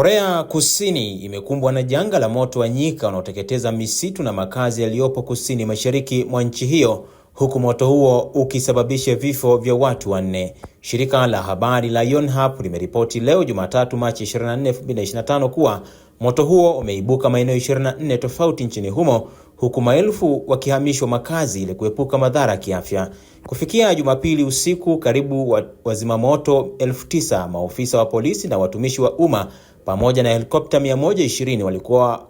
Korea Kusini imekumbwa na janga la moto wa nyika unaoteketeza misitu na makazi yaliyopo kusini mashariki mwa nchi hiyo huku moto huo ukisababisha vifo vya watu wanne. Shirika la habari la Yonhap limeripoti leo Jumatatu Machi 24, 2025 kuwa moto huo umeibuka maeneo 24 tofauti nchini humo huku maelfu wakihamishwa makazi ili kuepuka madhara ya kiafya. Kufikia Jumapili usiku, karibu wa, wazimamoto elfu tisa, maofisa wa polisi na watumishi wa umma pamoja na helikopta 120 walikuwa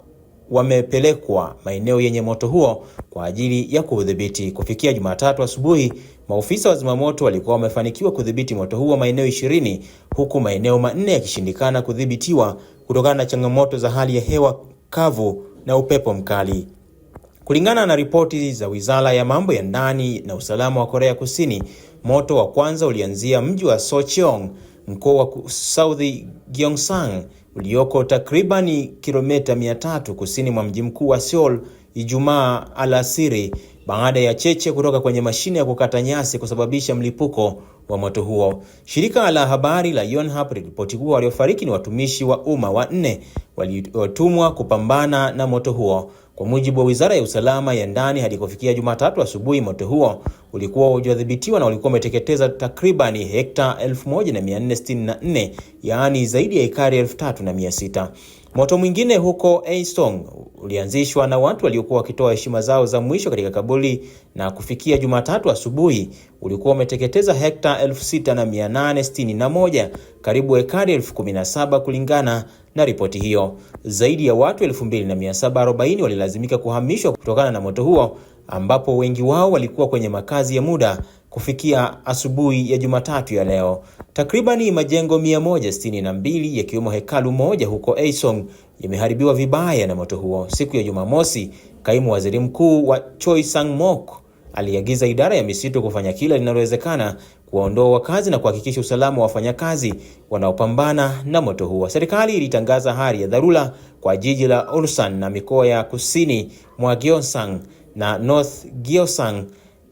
wamepelekwa maeneo yenye moto huo kwa ajili ya kuudhibiti. Kufikia Jumatatu asubuhi, maofisa wa zimamoto walikuwa wamefanikiwa kudhibiti moto huo maeneo 20, huku maeneo manne yakishindikana kudhibitiwa kutokana na changamoto za hali ya hewa kavu na upepo mkali. Kulingana na ripoti za Wizara ya Mambo ya Ndani na Usalama wa Korea Kusini, moto wa kwanza ulianzia mji wa Socheong, mkoa wa South Gyeongsang ulioko takriban kilomita 300 kusini mwa mji mkuu wa Seoul Ijumaa alasiri baada ya cheche kutoka kwenye mashine ya kukata nyasi kusababisha mlipuko wa moto huo. Shirika la habari la Yonhap liliripoti kuwa waliofariki ni watumishi wa umma wanne waliotumwa kupambana na moto huo. Kwa mujibu wa Wizara ya Usalama ya Ndani, hadi kufikia Jumatatu asubuhi, moto huo ulikuwa hujadhibitiwa na ulikuwa umeteketeza takribani hekta 1464 yaani zaidi ya ekari 3600. Moto mwingine huko Aisong ulianzishwa na watu waliokuwa wakitoa heshima zao za mwisho katika kaburi na kufikia Jumatatu asubuhi ulikuwa umeteketeza hekta 6861 karibu ekari 17,000 kulingana na ripoti hiyo, zaidi ya watu 2740 walilazimika kuhamishwa kutokana na moto huo, ambapo wengi wao walikuwa kwenye makazi ya muda. Kufikia asubuhi ya Jumatatu ya leo, takribani majengo 162 yakiwemo hekalu moja huko Eisong yameharibiwa vibaya na moto huo. Siku ya Jumamosi, kaimu waziri mkuu wa Choi Sang-mok aliagiza idara ya misitu kufanya kila linalowezekana kuwaondoa wakazi na kuhakikisha usalama wa wafanyakazi wanaopambana na moto huo. Serikali ilitangaza hali ya dharura kwa jiji la Ulsan na mikoa ya kusini mwa Gyeongsang na North Gyeongsang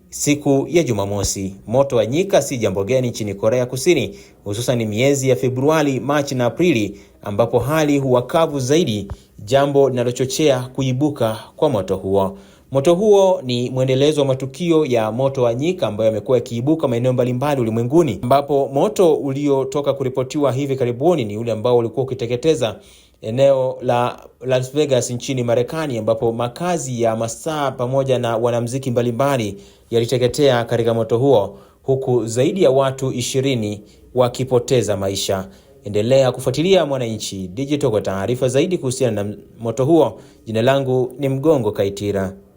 siku ya Jumamosi. Moto wa nyika si jambo geni nchini Korea Kusini, hususan miezi ya Februari, Machi na Aprili ambapo hali huwa kavu zaidi, jambo linalochochea kuibuka kwa moto huo. Moto huo ni mwendelezo wa matukio ya moto wa nyika ambayo yamekuwa yakiibuka maeneo mbalimbali ulimwenguni, ambapo moto uliotoka kuripotiwa hivi karibuni ni ule ambao ulikuwa ukiteketeza eneo la Las Vegas nchini Marekani, ambapo makazi ya mastaa pamoja na wanamuziki mbalimbali yaliteketea katika moto huo, huku zaidi ya watu ishirini wakipoteza maisha. Endelea kufuatilia Mwananchi Digital kwa taarifa zaidi kuhusiana na moto huo. Jina langu ni Mgongo Kaitira.